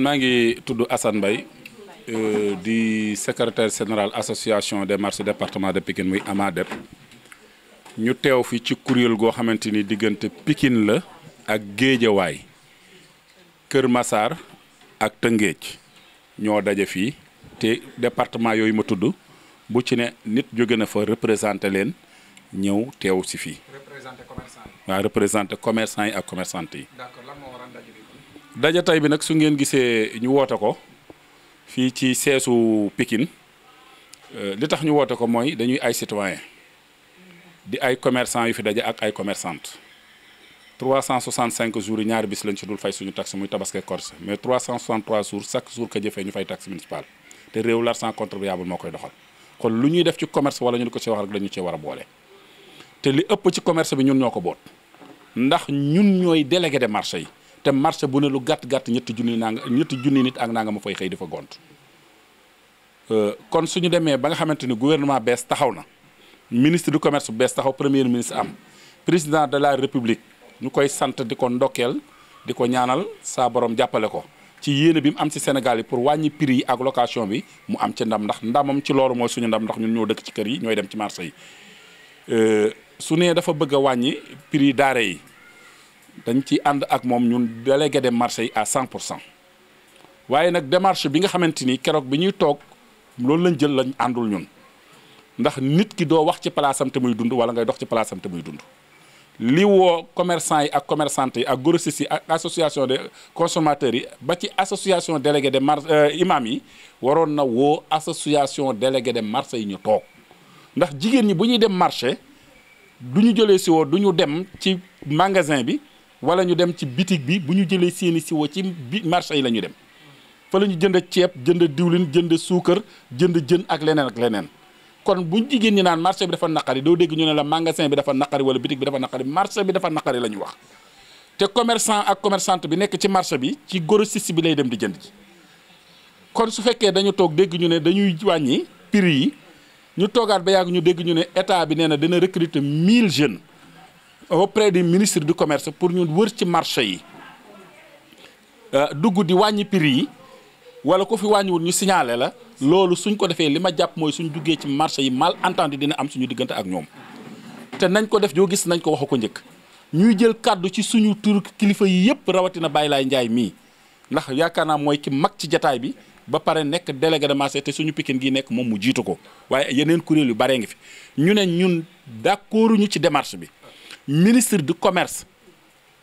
man maa ngi tudd Assane Mbaye euh, di secretaire général association de marchés département de Pikine muy AMADEP ñu teew fi ci kuréel goo xamante ni diggante Pikine la ak Géejawaay Kër Massar ak Tëngéej ñoo daje fii te département yooyu ma tudd bu ci ne nit jóge na fa représenté leen ñëw teew si fii. représenté commerçant yi. yi ak commerçante yi. daja tey bi nag su ngeen gisee ñu woote ko fii ci seesu Pikine euh, li tax ñu woote ko mooy dañuy ay citoyen di ay commerçant yu fi daje ak ay commerçante 365 jours yi ñaari bis lañ ci dul fay suñu taxe muy tabaski corse mais 363 jours chaque jour ka jëfee ñu fay taxe municipale te réew l'argent contribuable moo koy doxal kon lu ñuy def ci commerce wala ñu di ko ci wax rek dañu cee war boole te li ëpp ci commerce bi ñun ñoo ko boot ndax ñun ñooy délégué de marché yi te marché bu ne lu gàtt gàtt ñetti junni nanga ñetti junni nit ak nanga ma fay xëy di fa gont euh, kon suñu demee ba nga xamante ni gouvernement bees taxaw na ministre du commerce bu bees taxaw premier ministre am président de la république ñu koy sant di ko ndokkeel di ko ñaanal saa borom jàppale ko ci yéene bi mu am si Sénégal yi pour wàññi prix yi ak location bi mu am ci ndam ndax ndamam ci loolu mooy suñu ndam ndax ñun ñoo dëkk ci kër yi ñooy dem ci marché yi euh, su nee dafa bëgg a wàññi prix daare yi dañ ci ànd ak moom ñun délégué des marchés yi à 100 pour cent waaye nag démarché bi nga xamante ni keroog bi ñuy toog loolu lañ jël lañ àndul ñun ndax nit ki doo wax ci palaasam te muy dund wala ngay dox ci palaasam te muy dund. li woo commerçant yi ak commerçante yi ak grossistes yi ak association de consommateurs yi ba ci association de des mar euh, imam yi waroon na woo association délégué des marchés yi ñu toog ndax jigéen ñi bu ñuy dem marché du ñu jëlee si woo du ñu dem ci magasin bi. wala ñu dem ci bitig bi bu ñu jëlee seeni siwo ci bi marché yi la ñu dem fa la ñu jënd ceeb jënd diwlin jënd suukar jënd jën ak leneen ak leneen kon bu jigéen ñi naan marché bi dafa naqari doo dégg ñu ne la magasin bi dafa naqari wala bitig bi dafa naqari marché bi dafa naqari la ñu wax te commerçant ak commerçante bi nekk ci marché bi ci grossiste bi lay dem di jënd ji kon su fekkee dañu toog dégg ñu ne dañuy wàññi piri yi ñu toogaat ba yàgg ñu dégg ñu ne état bi nee na dina recruter 1000 jeunes auprès du ministre du commerce pour ñu wër ci marché yi euh, dugg di wàññi prix yi wala ko fi wàññiwul ñu signaler la loolu suñ ko defee li ma jàpp mooy suñ duggee ci marché yi mal entendu dina am suñu diggante ak ñoom te nañ ko def yoo gis nañ ko waxu ko njëkk ñuy jël kàddu ci suñu tur kilifa yi yëpp rawatina Baye Laye Ndiaye mii ndax yaakaar naa mooy ki mag ci jataay bi ba pare nekk délégué de marché te suñu Pikine gi nekk moom mu jiitu ko waaye yeneen kuréel yu baree ngi fi ñu ne ñun d'accorduñu ci démarche bi ministre du commerce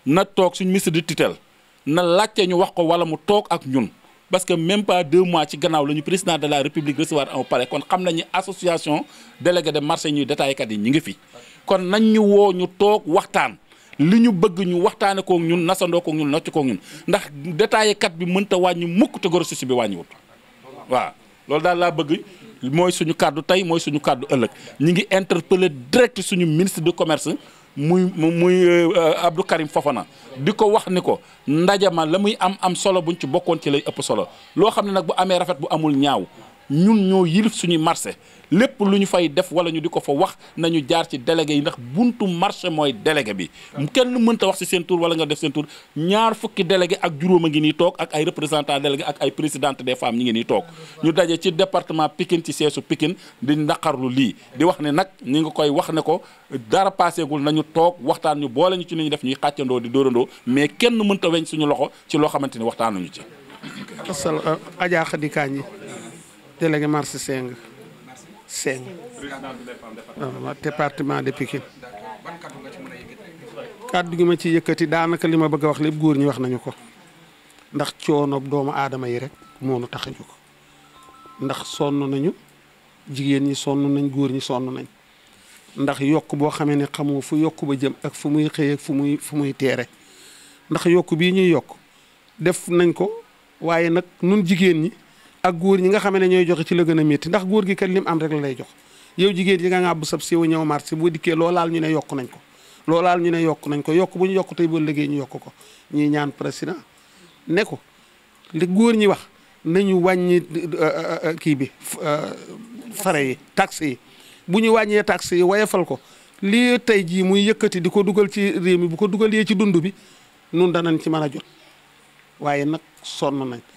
na tok suñu ministre de tutelle na laccé ñu wax ko wala mu tok ak ñun parce que même pas deux mois ci gannaaw la président de la république recevoir au palais kon xam nañu association délégué de marché ñu détaillkat kat ñi ngi fi kon nañ ñu wo ñu tok waxtaan li ñu bëgg ñu waxtaane ko ñun nasandoo ko ñun nocc ko ñun ndax kat bi mënta wañu mukk te goro susi bi wut wa lool daal la bëgg moy suñu kàddu tay moy suñu kàddu ëlëk ñi ngi interpeller direct suñu ministre de commerce muy muy euh, Abdou Karim Fofana di ko wax ni ko ndaje ma la muy am am solo buñ ci bokkoon ci lay ëpp solo loo xam ne nag bu amee rafet bu amul ñaaw ñun ñoo yilif suñuy marché lépp lu ñu fay def wala ñu di ko fa wax nañu jaar ci délégué yi ndax buntu marché mooy délégué bi kenn mënta wax ci seen tour wala nga def seen tur ñaar fukki délégué ak juróom a ngi nii toog ak ay représentant délégué ak ay présidente des femmes ñi ngi nii toog ñu daje ci département Pikine ci seesu pikin di naqarlu lii di wax ne nag ñu ngi koy wax ne ko dara paaseegul nañu toog waxtaan ñu boole ñu ci ni ñu def ñuy xàccandoo di dóorandoo mais kenn mënta weñ suñu loxo ci loo xamante ni waxtaanuñu ci délégué marché Seng Seng ah, département de Pikine kàddu gi ma ci yëkkati daanaka li ma bëgg a wax lépp góor ñi wax nañu ko ndax coono doomu aadama yi rek moo nu tax a jóg ndax sonn nañu jigéen ñi sonn nañ góor ñi sonn nañ ndax yokk boo xamee ni xamu fu yokk ba jëm ak fu muy xëyee fu muy fu muy teere ndax yokk bii ñuy yokk def nañ ko waaye nag nun jigéen ñi ak góor ñi nga xam ne ñooy joxe ci la gën a métti ndax góor gi kat lim am rek la lay jox yow jigéen yi nga bu sab si siw ñëw marché boo dikkee loolaal ñu ne yokk nañ ko loolaal ñu ne yokk nañ ko yokk bu ñu yokk tey boo liggéey ñu ko ñuy ñaan président ne ko li góor ñi wax nañu wàññi euh, euh, euh, kii bi fare yi taxe bu ñu wàññee taxe yi wayefal ko lii tey jii muy yëkkati di ko dugal ci réew mi bu ko dugalee ci dund bi nun danañ ci man a jot waaye nag sonn nañ